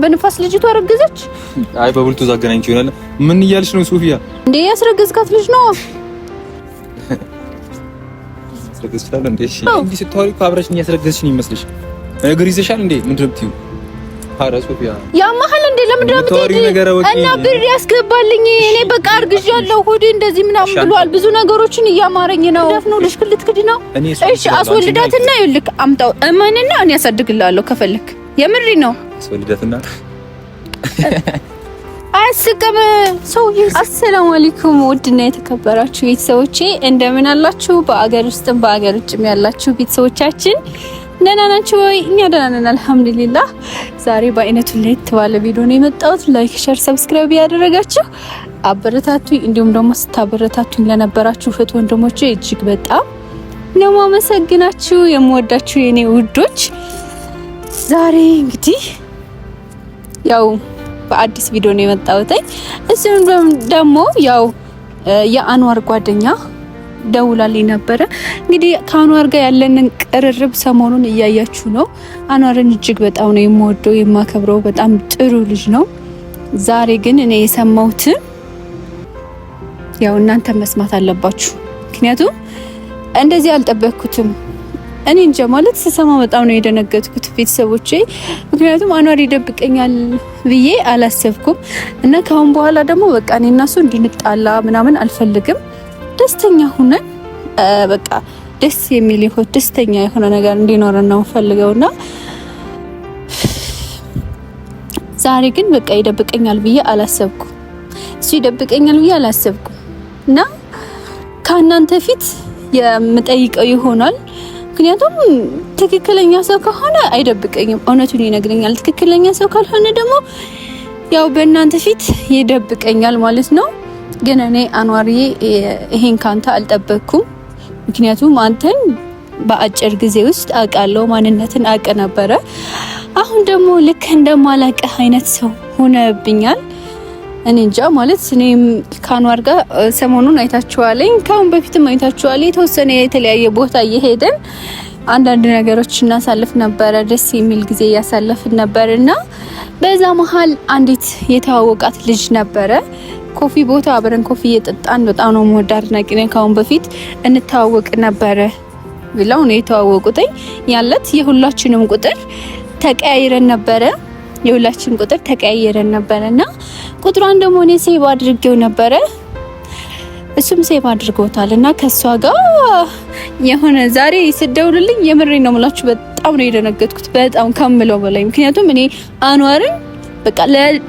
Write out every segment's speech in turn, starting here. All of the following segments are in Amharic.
በደመና በንፋስ ልጅቷ አረገዘች። አይ በብልቱ አገናኝቼ ይሆናል። ምን እያልሽ ነው ሶፊያ? እንዴ ያስረገዝካት ልጅ ነው። ያስረገዝሻል እንዴ? እሺ እንዲህ ስታወሪ እኮ አብረሽኝ ያስረገዝሽኝ ይመስልሽ እግር ይዘሻል እንዴ? ምንድን ነው የምትይው? ኧረ ሶፊያ ያማሃል እንዴ? ለምንድን ነው የምትሄጂው? እና ብር ያስገባልኝ እኔ በቃ አርግዣለሁ፣ ሆዴ እንደዚህ ምናምን ብሏል። ብዙ ነገሮችን እያማረኝ ነው። ደፍ ነው ልሽ ክልት ክድ ነው። እሺ አስወልዳትና ይልክ አምጣው እመንና እኔ ያሳድግልሃለሁ ከፈለክ የምሪ ነው አስወልደትና ልደትና አያስቅም ሰውዬ። አሰላሙ አለይኩም ውድና የተከበራችሁ ቤተሰቦቼ እንደምን አላችሁ? በአገር ውስጥም በአገር ውጭም ያላችሁ ቤተሰቦቻችን ደህና ናችሁ ወይ? እኛ ደህና ነን አልሐምዱሊላህ። ዛሬ በአይነቱ ለየት ባለ ቪዲዮ ነው የመጣሁት። ላይክ፣ ሼር፣ ሰብስክራይብ ያደረጋችሁ አበረታቱ። እንዲሁም ደግሞ ስታበረታቱኝ ለነበራችሁ እህት ወንድሞቼ እጅግ በጣም ነው ማመሰግናችሁ። የምወዳችሁ የኔ ውዶች ዛሬ እንግዲህ ያው በአዲስ ቪዲዮ ነው የመጣሁት። እሱም ደግሞ ያው የአንዋር ጓደኛ ደውላልኝ ነበረ። እንግዲህ ከአንዋር ጋር ያለንን ቅርርብ ሰሞኑን እያያችሁ ነው። አንዋርን እጅግ በጣም ነው የምወደው የማከብረው፣ በጣም ጥሩ ልጅ ነው። ዛሬ ግን እኔ የሰማሁት ያው እናንተ መስማት አለባችሁ፣ ምክንያቱም እንደዚህ አልጠበቅኩትም። እኔ እንጃ ማለት ስሰማ በጣም ነው የደነገጥኩት ቤተሰቦቼ፣ ምክንያቱም አኗር ይደብቀኛል ብዬ አላሰብኩም። እና ከአሁን በኋላ ደግሞ በቃ እኔ እና እሱ እንድንጣላ ምናምን አልፈልግም። ደስተኛ ሁነን በቃ ደስ የሚል ይሆን ደስተኛ የሆነ ነገር እንዲኖረን ነው ፈልገውና ዛሬ ግን በቃ ይደብቀኛል ብዬ አላሰብኩም። እሱ ይደብቀኛል ብዬ አላሰብኩም እና ከእናንተ ፊት የምጠይቀው ይሆናል ምክንያቱም ትክክለኛ ሰው ከሆነ አይደብቀኝም፣ እውነቱን ይነግረኛል። ትክክለኛ ሰው ካልሆነ ደግሞ ያው በእናንተ ፊት ይደብቀኛል ማለት ነው። ግን እኔ አንዋርዬ ይሄን ካንተ አልጠበቅኩም። ምክንያቱም አንተን በአጭር ጊዜ ውስጥ አውቃለሁ፣ ማንነትን አውቅ ነበረ። አሁን ደግሞ ልክ እንደማላውቅህ አይነት ሰው ሆነብኛል። እኔ እንጃ ማለት እኔም ከአንዋር ጋር ሰሞኑን አይታችኋለኝ፣ ከአሁን በፊትም አይታችኋል። የተወሰነ የተለያየ ቦታ እየሄደን አንዳንድ ነገሮች እናሳልፍ ነበረ። ደስ የሚል ጊዜ እያሳለፍን ነበር እና በዛ መሀል አንዲት የተዋወቃት ልጅ ነበረ ኮፊ ቦታ አብረን ኮፊ እየጠጣን በጣም ነው መወዳ አድናቂ ነኝ። ከአሁን በፊት እንተዋወቅ ነበረ ብለው ነው የተዋወቁትኝ። ያለት የሁላችንም ቁጥር ተቀያይረን ነበረ የሁላችን ቁጥር ተቀያይረን ነበረ እና ቁጥሯን ደግሞ እኔ ሴብ አድርጌው ነበረ እሱም ሴብ አድርጎታል እና ከእሷ ጋር የሆነ ዛሬ ስደውልልኝ የምሬ ነው ምላችሁ፣ በጣም ነው የደነገጥኩት፣ በጣም ከምለው በላይ ምክንያቱም እኔ አንዋርን በቃ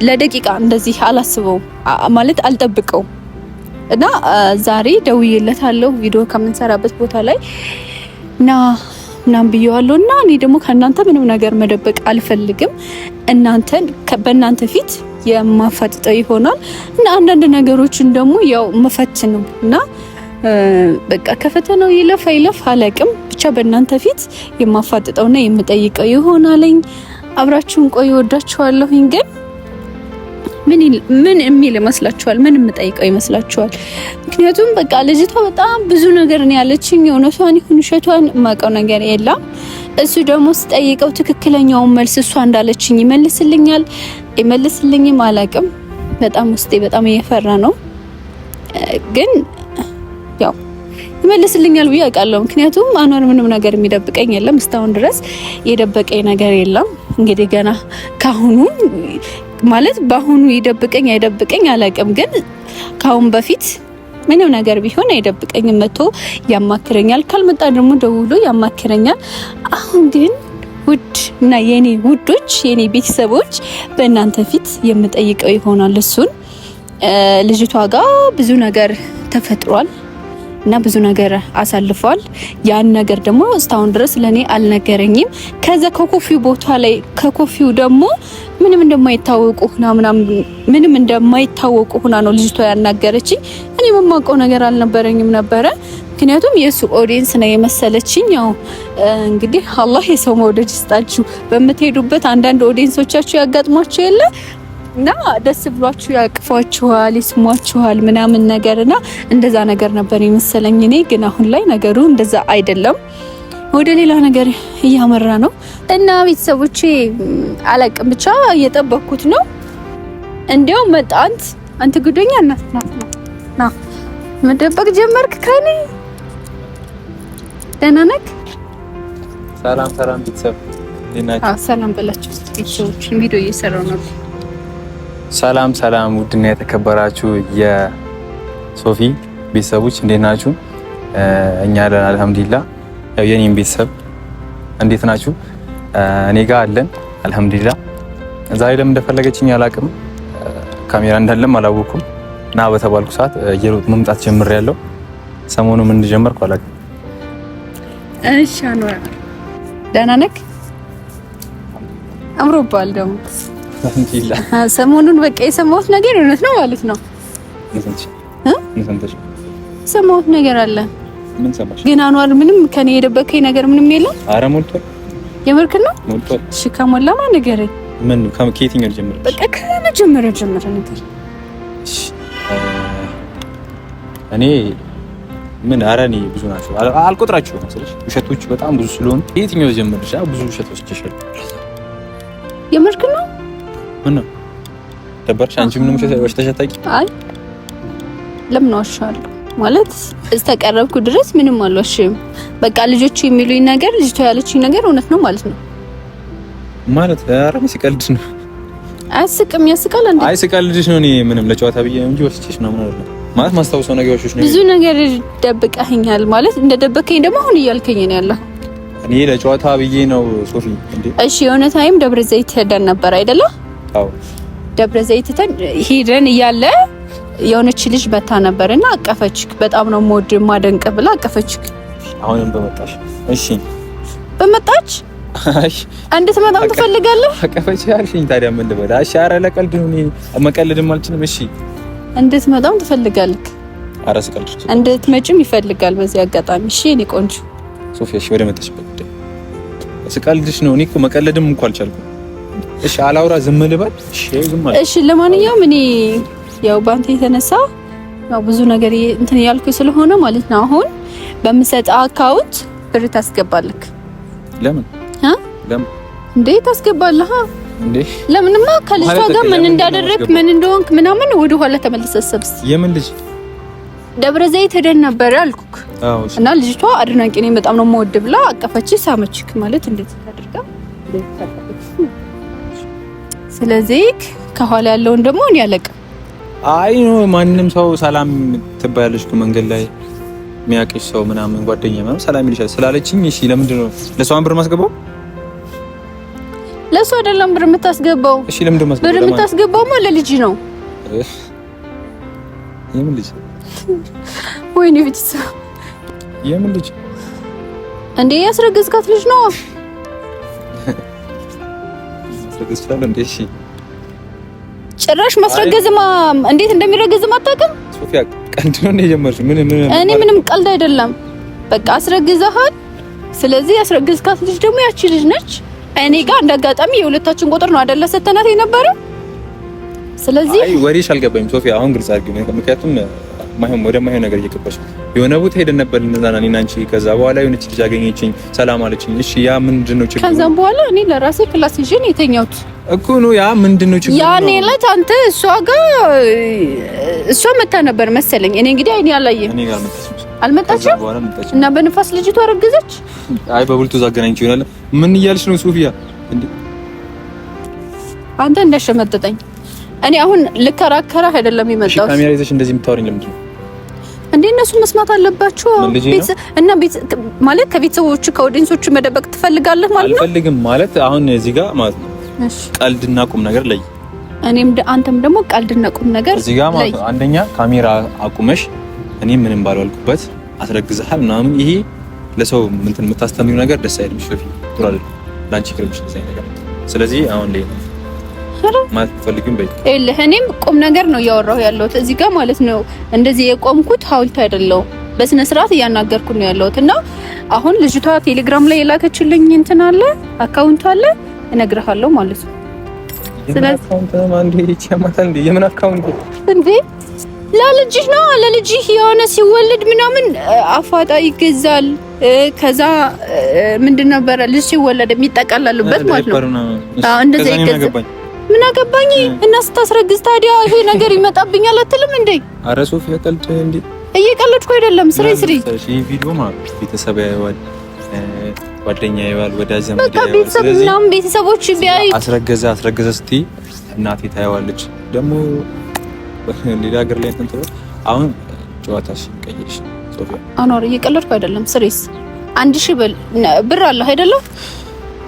ለደቂቃ እንደዚህ አላስበውም ማለት አልጠብቀውም እና ዛሬ ደውዬለታለሁ ቪዲዮ ከምንሰራበት ቦታ ላይ ና ምናምን ብየዋለሁ እና እኔ ደግሞ ከእናንተ ምንም ነገር መደበቅ አልፈልግም እናንተን በእናንተ ፊት የማፋጥጠው ይሆናል እና አንዳንድ ነገሮችን ደግሞ ያው መፈት ነው እና በቃ ከፈተናው ይለፍ አይለፍ አላቅም ብቻ በእናንተ ፊት የማፋጥጠውና የምጠይቀው ይሆናለኝ። አብራችሁን ቆይ፣ ወዳችኋለሁኝ። ግን ምን የሚል ይመስላችኋል? ምን የምጠይቀው ይመስላችኋል? ምክንያቱም በቃ ልጅቷ በጣም ብዙ ነገር ነው ያለችኝ። እውነቷን ይሁን ውሸቷን የማውቀው ነገር የለም። እሱ ደግሞ ስጠይቀው ትክክለኛውን መልስ እሷ እንዳለችኝ ይመልስልኛል ይመልስልኝም አላቅም። በጣም ውስጤ በጣም እየፈራ ነው፣ ግን ያው ይመልስልኛል ብዬ አውቃለሁ። ምክንያቱም አኗር ምንም ነገር የሚደብቀኝ የለም እስካሁን ድረስ የደበቀኝ ነገር የለም። እንግዲህ ገና ካሁኑ ማለት በአሁኑ ይደብቀኝ አይደብቀኝ አላቅም፣ ግን ካሁን በፊት ምንም ነገር ቢሆን አይደብቀኝም። መጥቶ ያማክረኛል፣ ካልመጣ ደግሞ ደውሎ ያማክረኛል። አሁን ግን ውድ እና የኔ ውዶች የኔ ቤተሰቦች በእናንተ ፊት የምጠይቀው ይሆናል። እሱን ልጅቷ ጋር ብዙ ነገር ተፈጥሯል። እና ብዙ ነገር አሳልፏል ያን ነገር ደግሞ እስካሁን ድረስ ለኔ አልነገረኝም። ከዛ ከኮፊው ቦታ ላይ ከኮፊው ደግሞ ምንም እንደማይታወቁ ሁና ምናምን ምንም እንደማይታወቁ ሁና ነው ልጅቷ ያናገረችኝ። እኔ የማውቀው ነገር አልነበረኝም ነበረ። ምክንያቱም የእሱ ኦዲየንስ ነው የመሰለችኝ። ያው እንግዲህ አላህ የሰው መውደድ ይስጣችሁ። በምትሄዱበት አንዳንድ ኦዲየንሶቻችሁ ያጋጥሟችሁ የለ እና ደስ ብሏችሁ ያቅፏችኋል፣ ይስሟችኋል ምናምን ነገር እና እንደዛ ነገር ነበር የመሰለኝ እኔ። ግን አሁን ላይ ነገሩ እንደዛ አይደለም፣ ወደ ሌላ ነገር እያመራ ነው። እና ቤተሰቦቼ አላቅም ብቻ እየጠበኩት ነው። እንዲያውም መጣ። አንት አንተ ጉደኛ እናት ና መደበቅ ጀመርክ ከኔ። ደህና ነህ? ሰላም ሰላም ቤተሰብ፣ ሰላም በላቸው። ቤተሰቦች። ቪዲዮ እየሰራው ነው ሰላም ሰላም፣ ውድና የተከበራችሁ የሶፊ ቤተሰቦች እንዴት ናችሁ? እኛ አለን አልሐምዱሊላ። ያው የኔም ቤተሰብ እንዴት ናችሁ? እኔ ጋር አለን አልሐምዱሊላ። ዛሬ ለምን እንደፈለገችኝ አላቅም፣ ካሜራ እንዳለም አላወኩም እና በተባልኩ ሰዓት እየሮጥ መምጣት ጀምር ያለው ሰሞኑ ምን እንደጀመርኩ አላቅም። እሺ፣ ደህና ነክ አምሮባል ደግሞ ሰሞኑን በቃ የሰማሁት ነገር እውነት ነው ማለት ነው። ሰማሁት ነገር አለ። ግን አኗር ምንም ከኔ የደበከኝ ነገር ምንም የለም። አረ ሞልቷል። የምርክ ነው ሞልቷል። እሺ ከሞላማ ነገር ምን ከየትኛው ልጀምር? በቃ ከመጀመሪያው ጀምር ንገረኝ። እኔ ምን አረ እኔ ብዙ ናቸው አልቆጥራቸው መሰለሽ። ውሸቶች በጣም ብዙ ስለሆኑ የትኛው ልጀምር? ብዙ ውሸቶች ተሸሉ። የምርክ ነው ምን ደበርሽ? አንቺ ምንም ውሸት ዋሽተሽ አታውቂም። አይ ለምን ዋሻለሁ? ማለት እስተቀረብኩ ድረስ ምንም አልዋሽም። በቃ ልጆቹ የሚሉኝ ነገር ልጅቷ ያለችኝ ነገር እውነት ነው ማለት ነው። ማለት ኧረ ሲቀልድ ነው። አያስቅም? ያስቃል እንዴ? አይ ሲቀልድሽ ነው። እኔ ምንም ለጨዋታ ብዬ እንጂ ወስቼሽ ምናምን አይደለም። ማለት ማስታወሰው ነገሮች ነው። ብዙ ነገር ደብቀኸኛል። ማለት እንደ ደበቀኝ ደግሞ አሁን እያልከኝ ነው ያለው። እኔ ለጨዋታ ብዬ ነው ሶፊ። እንዴ እሺ፣ የሆነ ታይም ደብረ ዘይት ሄደን ነበር አይደለ? ደብረ ዘይት ትተን ሄደን እያለ የሆነች ልጅ መታ ነበር እና አቀፈችክ። በጣም ነው ሞድ ማደንቅ ብላ አቀፈችክ። አሁንም እሺ፣ በመጣች እንድትመጣም ትፈልጋለህ? አቀፈች ያልሽኝ ታዲያ ምን ልበል? እሺ፣ ኧረ ለቀልድ ነው እኔ መቀለድም አልችልም። እሺ፣ እንድትመጣም ትፈልጋለህ? ኧረ ስቀልድ ይፈልጋል። በዚህ አጋጣሚ እሺ፣ እኔ ቆንጆ ሶፊያ፣ እሺ፣ ወደ መጣሽበት ስቀልድሽ ነው። እኔ እኮ መቀለድም እንኳ አልቻልኩም። እሺ አላውራ፣ ዝም ልበል። እሺ ለማንኛውም እኔ ያው ባንተ የተነሳ ያው ብዙ ነገር እንትን ያልኩ ስለሆነ ማለት ነው። አሁን በምሰጥ አካውንት ብር ታስገባለህ። ለምን አ ለምን እንዴ ታስገባለህ? እንዴ ለምንማ ከልጅቷ ጋር ምን እንዳደረግክ ምን እንደሆንክ ምናምን ወደ ኋላ ተመልሰህ ሰብስብ። የምን ልጅ ደብረ ዘይት ሄደን ነበር አልኩክ። እና ልጅቷ አድናቂ ነኝ በጣም ነው የምወድ ብላ አቀፈች፣ ሳመችክ ማለት እንዴት ታደርጋ ስለዚህ ከኋላ ያለውን ደግሞ እኔ አለቅም። አይ ማንም ሰው ሰላም ትባያለሽ መንገድ ላይ የሚያውቅሽ ሰው ምናምን ጓደኛ ምናምን ሰላም ይልሻል ስላለችኝ፣ እሺ ለምንድን ነው ለሷን ብር ማስገባው? ለሷ አይደለም ብር የምታስገባው። እሺ ለምንድን ነው ብር የምታስገባው? ማ ለልጅ ነው። የምን ልጅ? ወይኔ ብቻ የምን ልጅ እንዴ? ያስረገዝካት ልጅ ነው። ረገዝቻለሁ እንዴ? እሺ ጭራሽ ማስረገዝማ እንዴት እንደሚረገዝም አታውቅም። ሶፊያ ቀልድ ነው የጀመርሽው? ምን ምን እኔ ምንም ቀልድ አይደለም። በቃ አስረግዘሃል። ስለዚህ ያስረግዝካት ልጅ ደግሞ ያቺ ልጅ ነች። እኔ ጋር እንዳጋጣሚ የሁለታችን ቁጥር ነው አይደለ? ሰተናት የነበረው። ስለዚህ አይ ወሬሽ አልገባኝም ሶፊያ። አሁን ግልጽ አድርጊ፣ ምክንያቱም ማይሆን ወደ ማይሆን ነገር እየገባች የሆነ ቦታ ሄደን ነበር እንደዛና እኔና አንቺ። ከዛ በኋላ የሆነች ልጅ አገኘችኝ፣ ሰላም አለችኝ። እሺ ያ ምንድን ነው ችግሩ? ከዛም በኋላ እኔ ለራሴ ክላስ ይዤ ነው የተኛሁት እኮ ነው። ያ ምንድን ነው ችግሩ? ያኔ ዕለት አንተ እሷ ጋር እሷ መታ ነበር መሰለኝ። እኔ እንግዲህ አይኔ አላየም። እኔ ጋር መጣች አልመጣችም እና በንፋስ ልጅቱ ረገዘች። አይ በብልቱ ዛገናኝ ይችላል። ምን እያልሽ ነው ሶፊያ? አንተ እንዳሸመጠጠኝ እኔ አሁን ልከራከራ አይደለም የመጣሁት። ካሜራ ይዘሽ እንደዚህ የምታወሪኝ ለምንድን ነው? እንዴ እነሱ መስማት አለባቸው። ቤት እና ቤት ማለት ከቤተሰቦች ከኦዲንሶች መደበቅ ትፈልጋለህ ማለት ነው? አልፈልግም ማለት አሁን እዚህ ጋር ማለት ነው እሺ ቀልድና ቁም ነገር ለይ። እኔም አንተም ደግሞ ቀልድና ቁም ነገር እዚህ ጋር ማለት ነው። አንደኛ ካሜራ አቁመሽ እኔ ምንም ባልዋልኩበት አስረግዝሃል ምናምን፣ ይሄ ለሰው ምንትን የምታስተምሪው ነገር ደስ አይልም። ሽፍ ቱራል ላንቺ ክርምሽ ነገር ስለዚህ አሁን ላይ ነው ይኸውልህ እኔም ቁም ነገር ነው እያወራሁ ያለሁት እዚህ ጋር ማለት ነው። እንደዚህ የቆምኩት ሀውልት አይደለሁም። በስነ ስርዓት እያናገርኩ ነው ያለሁት እና አሁን ልጅቷ ቴሌግራም ላይ የላከችልኝ እንትን አለ አካውንት አለ እነግርሃለሁ ማለት ነው። ስለዚህ የምን አካውንት ለልጅህ ነው ለልጅህ የሆነ ሲወለድ ምናምን አፏጣ ይገዛል። ከዛ ምንድን ነበረ ልጅ ሲወለድ የሚጠቀላሉበት ማለት ነው። አዎ እንደዛ ይገዛል። ምን አገባኝ እና ስታስረግዝ ታዲያ ይሄ ነገር ይመጣብኛል አትልም እንዴ? አረ ሶፊያ ቀልድ እንዴ! እየቀለድኩ አይደለም። ስሬ ስሬ እሺ ቪዲዮ ማለት ቤተሰብ ያየዋል፣ ጓደኛ ያየዋል፣ ወዳጅ ዘመድ ያየዋል። በቃ ቤተሰብ ምናምን ቤተሰቦች ቢያይ አስረገዘ አስረገዘ ስትይ እናቴ ታየዋለች። ደግሞ ሌላ ሀገር ላይ እንትን አሁን ጨዋታሽ ቀይርሽ ሶፊያ። አኗር እየቀለድኩ አይደለም። ስሬስ አንድ ሺህ ብር አለ አይደለም?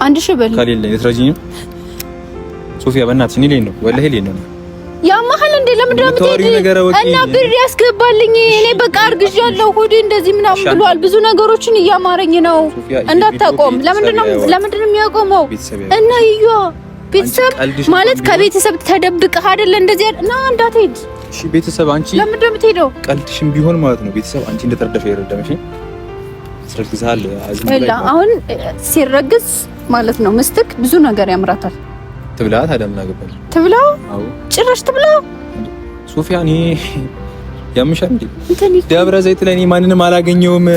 አንድ ሺህ በል ከሌለ የትረጂኝም ሶፊያ በእናትሽ እኔ ነው ወላሂ ሌ ነው ያማህል እንዴ? ለምን ደም እና ብር ያስገባልኝ እኔ በቃ አርግዣለሁ ሆዴ እንደዚህ ምናምን ብሏል። ብዙ ነገሮችን እያማረኝ ነው። እንዳታቆም ለምንድን ነው ለምንድን ነው የሚያቆመው? እና ይዩ ቤተሰብ ማለት ከቤተሰብ ተደብቀህ አይደለ እንደዚህ እና እንዳትሄድ እሺ። ቤተሰብ አንቺ ለምን ነው ትሄደው ቀልድሽም ቢሆን ማለት ነው ቤተሰብ አንቺ እንደተረደፈ ይረዳምሽ። አዝም ላይ አሁን ሲረግዝ ማለት ነው ምስትክ ብዙ ነገር ያምራታል ትብላ። ታዲያ ምን አገባኝ? ትብላ። አዎ ጭራሽ ትብላ። ሶፊያን ያምሻል እንዴ? ደብረ ዘይት ላይ እኔ ማንንም አላገኘውም።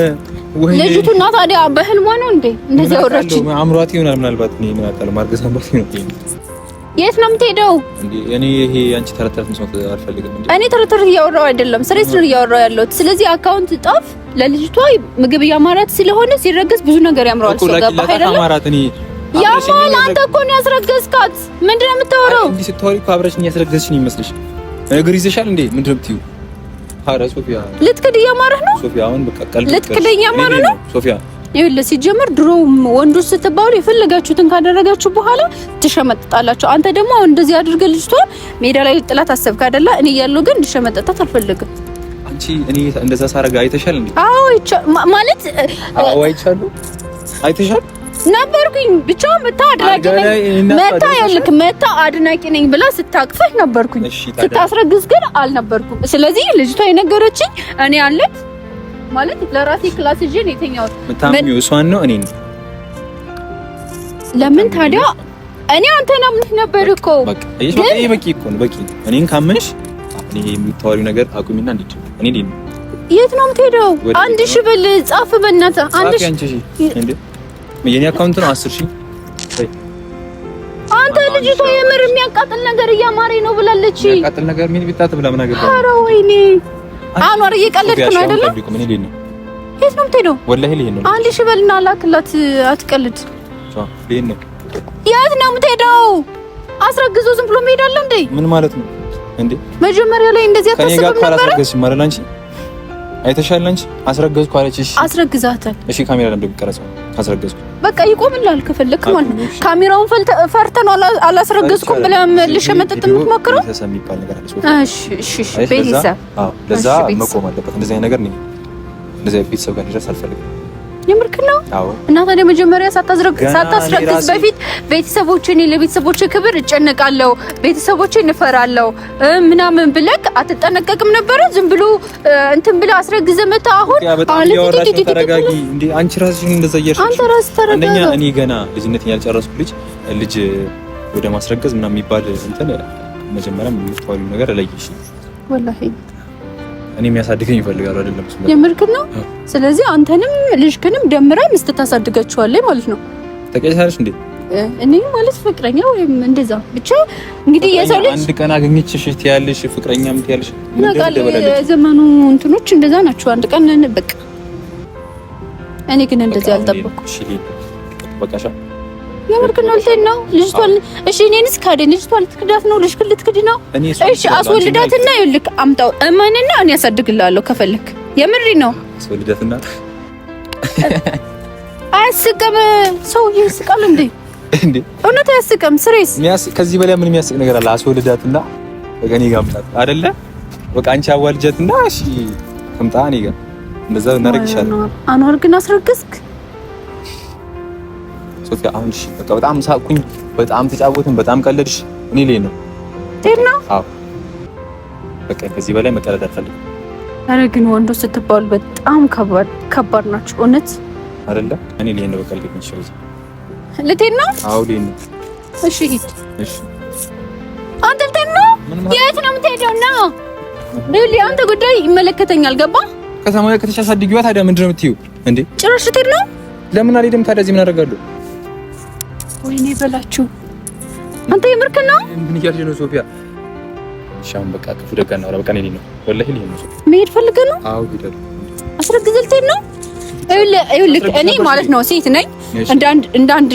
ወይ ልጅቱ እና ታዲያ በህልሟ ነው እንዴ እንደዚህ ያወራችኝ? አምሯት ይሆናል ምናልባት። እኔ ምን አውቃለሁ። ማርገዝ አምሯት ይሆናል። የት ነው የምትሄደው? እኔ ይሄ አንቺ ተረት ተረት መስማት አልፈልግም። እኔ ተረት ተረት እያወራሁ አይደለም፣ ስሬስ ነው እያወራሁ ያለሁት። ስለዚህ አካውንት ጣፍ ለልጅቷ ምግብ እያማራት ስለሆነ ሲረገዝ ብዙ ነገር ያምረዋል። አይደለም አማራት እኔ ያማል። አንተ እኮ ነው ያስረገዝካት። ምንድን ነው የምታወራው? እንዲህ ስታወሪ እኮ አብረሽኝ ያስረገዝሽ ይመስልሽ? እግር ይዘሻል እንዴ? ምንድን ነው የምትይው? ኧረ ሶፊያ ልትክድ እያማረህ ነው። ሶፊያ አሁን በቃ ቀልድ ልትክድ እያማረህ ነው። ሶፊያ ይኸውልህ ሲጀመር ድሮውም ወንዶች ስትባሉ የፈለጋችሁትን ካደረጋችሁ በኋላ ትሸመጥጣላችሁ። አንተ ደግሞ አሁን እንደዚህ አድርገህ ልጅቷን ሜዳ ላይ ጥላት አሰብክ አይደለ? እኔ እያለሁ ግን እንድሸመጠጣት አልፈልግም። አንቺ እኔ እንደዛ ሳረጋ አይተሻል እንዴ? አዎ ማለት አዎ አይቻለሁ። አይተሻል ነበርኩኝ ብቻውን መታ አድናቂ ነኝ መታ ያልክ መታ አድናቂ ነኝ ብላ ስታቅፈህ ነበርኩኝ፣ ስታስረግዝ ግን አልነበርኩም። ስለዚህ ልጅቷ የነገረችኝ እኔ አለት ማለት ለራሴ ክላስ ይዤ ነው የተኛሁት። ምታምኚው ነው እኔ ለምን ታዲያ እኔ አንተ አምንህ ነበር እኮ። በቂ በቂ እኮ ነው በቂ። እኔን ካመንሽ እኔ የምታወሪው ነገር አቁሚና እንዴት እኔ የት ነው የምትሄደው? አንድ ሺህ ብል ጻፍ በእናትህ አንድ ሺህ የኔ አካውንት ነው አስር ሺህ አንተ ልጅቷ የምር የሚያቃጥል ነገር እያማሬ ነው ብላለች። የሚያቃጥል ነገር ምን ቢጣት ብላ ምን አገባ? ኧረ ወይኔ አኗር እየቀለድክ ነው አይደለም? የት ነው የምትሄደው? ወላሂ ልሄድ ነው። አንድ ሺህ በልና ላክላት፣ አትቀልድ። የት ነው የምትሄደው? አስረግዞ ዝም ብሎ መሄድ እንዴ? ምን ማለት ነው እንዴ? መጀመሪያ ላይ እንደዚህ አታስብም ነበር? አስረግዝሽም አይደል አንቺ? አይተሻል አንቺ? አስረግዝኩ አለች። እሺ አስረግዛታል። እሺ ካሜራ ለምን እንደሚቀረጸው አስረገዝኩ። በቃ ይቆምልሃል ከፈለክ ማለት ነው። ካሜራውን ፈርተን አላስረገዝኩም ብለህ እሺ፣ መጠጥ የምትሞክረው ቤተሰብ፣ ለዛ መቆም አለበት። እንደዚህ አይነት ነገር ነው። እንደዚህ ቤተሰብ ጋር እንዲደርስ አልፈልግም። የምርክ ነው እና ታዲያ መጀመሪያ ሳታስረግዝ በፊት ቤተሰቦቼ እኔ ለቤተሰቦቼ ክብር እጨነቃለሁ፣ ቤተሰቦቼ እንፈራለሁ ምናምን ብለክ አትጠነቀቅም ነበረ? ዝም ብሎ እንትን ብለ አስረግዘህ መተህ አሁን አንቺ ራስሽን እንደዛ እያልሽ አንተ ራስህ ተረጋጋ። እኔ ገና ልጅነት ያልጨረስኩ ልጅ ልጅ ወደ ማስረገዝ ምናምን የሚባል እንትን መጀመሪያም የምትባሉ ነገር እለይሽ ወላሂ እኔ የሚያሳድገኝ ይፈልጋሉ አይደለም? የምርክል ነው። ስለዚህ አንተንም ልጅክንም ደምራ ምስት ታሳድጋችኋለች ማለት ነው። ተቀይሳለሽ እንዴ? እኔ ማለት ፍቅረኛ ወይም እንደዛ ብቻ እንግዲህ የሰው ልጅ አንድ ቀን አገኘችሽ ትያለሽ፣ ፍቅረኛ ምትያለሽ። የዘመኑ እንትኖች እንደዛ ናቸው። አንድ ቀን በቃ እኔ ግን እንደዚህ አልጠበቅኩ። እሺ በቃሻ ነው ወልቴን ነው ልጅቷን። እሺ እኔንስ ካደኝ ልጅቷን ልትክዳት ነው ልጅ ልትክድ ነው። እሺ አስወልዳትና ይልክ አምጣው እመንና እኔ ያሳድግልሃለሁ ከፈለክ። የምሪ ነው አስወልዳትና። አያስቅም ሰው ይስቃል እንዴ? እንዴ እውነት አያስቅም። ስሬስ ሚያስ ከዚህ በላይ ምን የሚያስቅ ነገር አለ? አስወልዳትና በቃ እኔ ጋር አምጣት አይደለ? በቃ አንቺ አዋልጃትና እሺ ትምጣ እኔ ጋር እንደዛ እናደርግ ይሻላል። አንዋር ግን አስረገዝክ አሁን እሺ፣ በቃ በጣም ሳቅኩኝ፣ በጣም ተጫወትን፣ በጣም ቀለድሽ። እኔ ላይ ነው ጤና። አዎ በቃ ከዚህ በላይ መቀለድ አልፈልግም። አረ ግን ወንዶ ስትባሉ በጣም ከባድ ከባድ ናችሁ። እውነት አይደለ? እኔ ላይ ነው በቀልድ የሚችል ልትሄድ ነው? አዎ ላይ ነው። እሺ ሂድ። እሺ አንተ ልትሄድ ነው? የት ነው የምትሄደው? ነው ይኸውልህ፣ አንተ ጉዳይ ይመለከተኛል። ገባ ከተማ ከተሻ አሳድጊዋ። ታዲያ ምንድን ነው የምትይው እንዴ? ጭራሽ ልትሄድ ነው? ለምን አልሄድም ታዲያ? እዚህ ምን አደርጋለሁ? ወይኔ በላችሁ። አንተ የምርክ ነው? ምን እያልሽ ነው ሶፊያ? ሻም በቃ ክፉ ደጋ ነው። በቃ ነው ነው ወላሂ ነው ነው መሄድ ፈልገህ ነው? አዎ ሄዳለሁ። አስረግዘህ ልትሄድ ነው? ይኸውልህ እኔ ማለት ነው ሴት ነኝ። እንዳንድ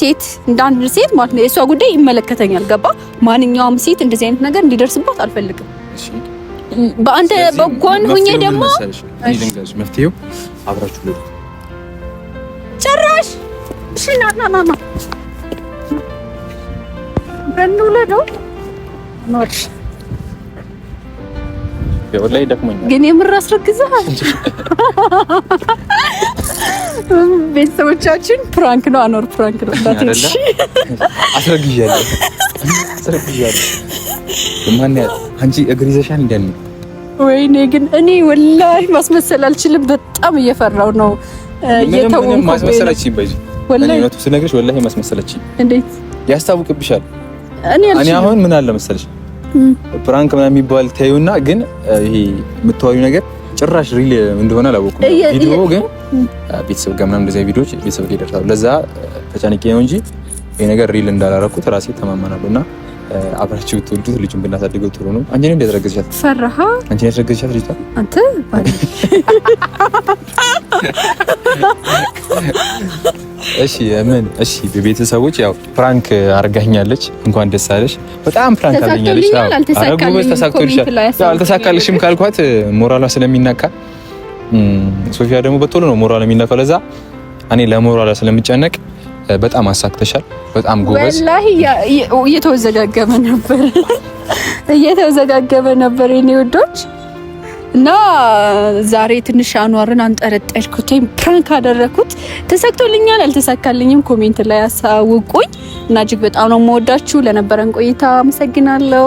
ሴት እንዳንድ ሴት ማለት ነው የእሷ ጉዳይ ይመለከተኛል። ገባ? ማንኛውም ሴት እንደዚህ አይነት ነገር እንዲደርስባት አልፈልግም። በአንተ በጎን ሁኜ ደግሞ መፍትሄው አብራችሁ ጭራሽ ሽናናናና አብረን እንውለደው ግን የምር አስረግዘሃል። ቤተሰቦቻችን ፕራንክ ነው፣ አኖር ፕራንክ ነው። አስረግዣለሁ፣ አስረግዣለሁ። ማን ያህል አንቺ እግር ይዘሻል እንደኔ። ወይኔ ግን እኔ ወላሂ ማስመሰል አልችልም። በጣም እየፈራው ነው እየተወኩ ማስመሰላችሁ። በዚህ ወላሂ ነው ስነግርሽ፣ እንዴት ያስታውቅብሻል እኔ አሁን ምን አለ መሰለሽ ፕራንክ ምናምን የሚባል ታዩና፣ ግን ይሄ የምታወዩ ነገር ጭራሽ ሪል እንደሆነ አላወኩም። ቪዲዮ ግን ቤተሰብ ጋር ምናምን እንደዚህ ቪዲዮዎች ቤተሰብ ጋር ይደርሳሉ። ለዛ ተጨንቄ ነው እንጂ ይሄ ነገር ሪል እንዳላረኩት ራሴ ተማመናለሁ እና አብራችሁ ብትወዱት ልጁን ብናሳድገው ጥሩ ነው። አንቺን ያስረገዝሻት ፈራሃ? አንቺን ያስረገዝሻት ልጅቷ አንተ እሺ፣ ምን እሺ፣ ቤተሰቦች ያው ፕራንክ አርጋኛለች። እንኳን ደስ አለሽ። በጣም ፕራንክ አርጋኛለች። አልተሳካልሽም ካልኳት ሞራሏ ስለሚናካ ሶፊያ ደግሞ በቶሎ ነው ሞራሏ የሚናካው። ለዛ እኔ ለሞራሏ ስለምጨነቅ በጣም አሳክተሻል። በጣም ጎበዝ። ወላሂ እየተወዘጋገበ ነበር እየተወዘጋገበ ነበር የኔ ውዶች እና ዛሬ ትንሽ አኗርን አንጠረጠርኩት ወይም ፕራንክ አደረኩት። ተሳክቶልኛል፣ አልተሳካልኝም ኮሜንት ላይ አሳውቁኝ እና እጅግ በጣም ነው የምወዳችሁ። ለነበረን ቆይታ አመሰግናለሁ።